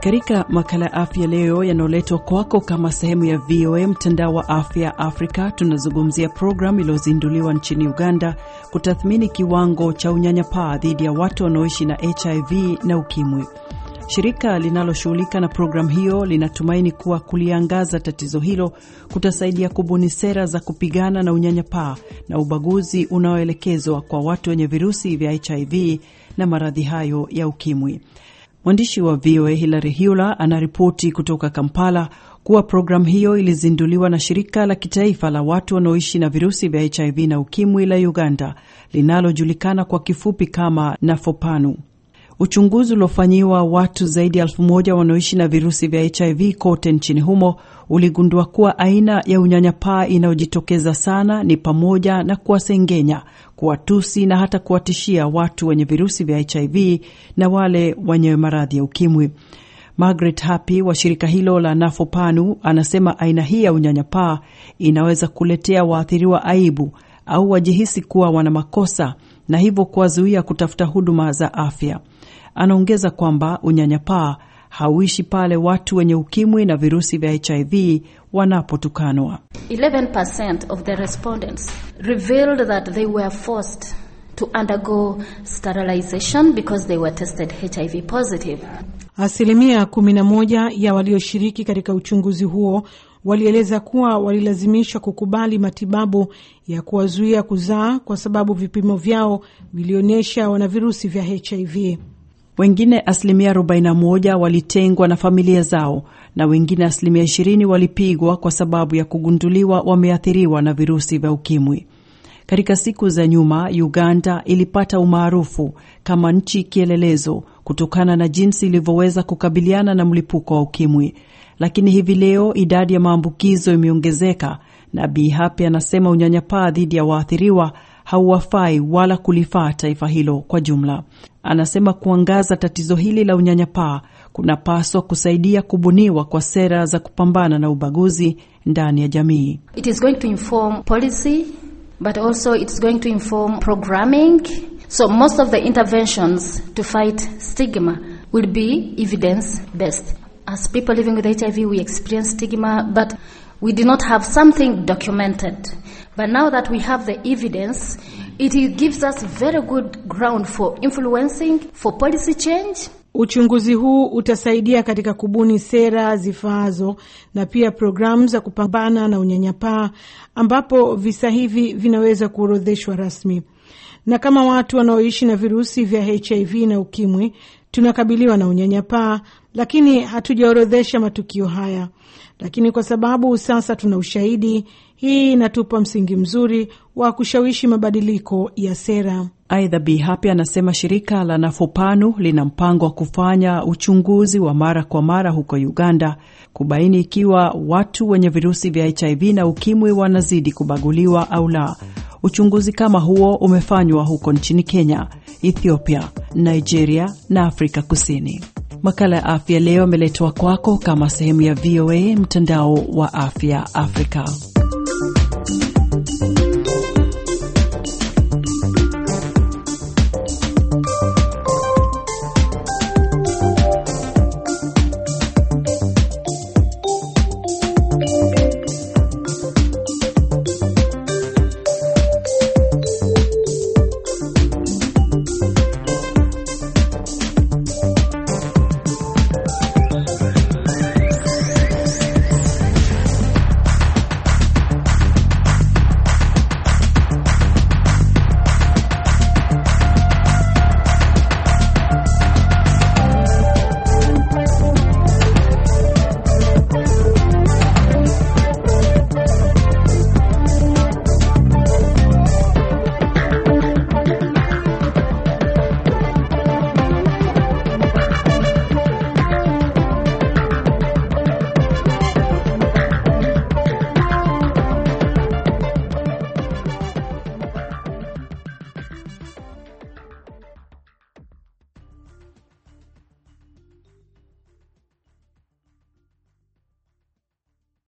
Katika makala ya afya leo yanayoletwa kwako kama sehemu ya VOA mtandao wa afya Afrika, tunazungumzia programu iliyozinduliwa nchini Uganda kutathmini kiwango cha unyanyapaa dhidi ya watu wanaoishi na HIV na ukimwi. Shirika linaloshughulika na programu hiyo linatumaini kuwa kuliangaza tatizo hilo kutasaidia kubuni sera za kupigana na unyanyapaa na ubaguzi unaoelekezwa kwa watu wenye virusi vya HIV na maradhi hayo ya ukimwi. Mwandishi wa VOA Hilary Hula anaripoti kutoka Kampala kuwa programu hiyo ilizinduliwa na shirika la kitaifa la watu wanaoishi na virusi vya HIV na ukimwi la Uganda linalojulikana kwa kifupi kama NAFOPANU. Uchunguzi uliofanyiwa watu zaidi ya elfu moja wanaoishi na virusi vya HIV kote nchini humo uligundua kuwa aina ya unyanyapaa inayojitokeza sana ni pamoja na kuwasengenya, kuwatusi na hata kuwatishia watu wenye virusi vya HIV na wale wenye maradhi ya ukimwi. Margaret Happy wa shirika hilo la Nafopanu anasema aina hii ya unyanyapaa inaweza kuletea waathiriwa aibu au wajihisi kuwa wana makosa na hivyo kuwazuia kutafuta huduma za afya. Anaongeza kwamba unyanyapaa hauishi pale watu wenye ukimwi na virusi vya HIV wanapotukanwa. 11% of the respondents revealed that they were forced to undergo sterilization because they were tested HIV positive. Asilimia 11 ya walioshiriki katika uchunguzi huo walieleza kuwa walilazimishwa kukubali matibabu ya kuwazuia kuzaa kwa sababu vipimo vyao vilionyesha wana virusi vya HIV wengine asilimia 41 walitengwa na familia zao na wengine asilimia 20 walipigwa kwa sababu ya kugunduliwa wameathiriwa na virusi vya ukimwi. Katika siku za nyuma, Uganda ilipata umaarufu kama nchi kielelezo kutokana na jinsi ilivyoweza kukabiliana na mlipuko wa ukimwi, lakini hivi leo idadi ya maambukizo imeongezeka na Bi anasema unyanyapaa dhidi ya waathiriwa hauwafai wala kulifaa taifa hilo kwa jumla. Anasema kuangaza tatizo hili la unyanyapaa kunapaswa kusaidia kubuniwa kwa sera za kupambana na ubaguzi ndani ya jamii. It is going to inform policy, but also going to inform programming. So most of the interventions to fight stigma will be evidence based. As people living with HIV, we experience stigma, but We did not have something documented. But now that we have the evidence, it gives us very good ground for influencing, for policy change. Uchunguzi huu utasaidia katika kubuni sera zifaazo na pia programu za kupambana na unyanyapaa ambapo visa hivi vinaweza kuorodheshwa rasmi. Na kama watu wanaoishi na virusi vya HIV na ukimwi tunakabiliwa na unyanyapaa, lakini hatujaorodhesha matukio haya. Lakini kwa sababu sasa tuna ushahidi, hii inatupa msingi mzuri wa kushawishi mabadiliko ya sera. Aidha, Bi Hapi anasema shirika la Nafupanu lina mpango wa kufanya uchunguzi wa mara kwa mara huko Uganda kubaini ikiwa watu wenye virusi vya HIV na ukimwi wanazidi kubaguliwa au la. Uchunguzi kama huo umefanywa huko nchini Kenya, Ethiopia, Nigeria na Afrika Kusini. Makala ya afya leo ameletwa kwako kama sehemu ya VOA mtandao wa afya Afrika.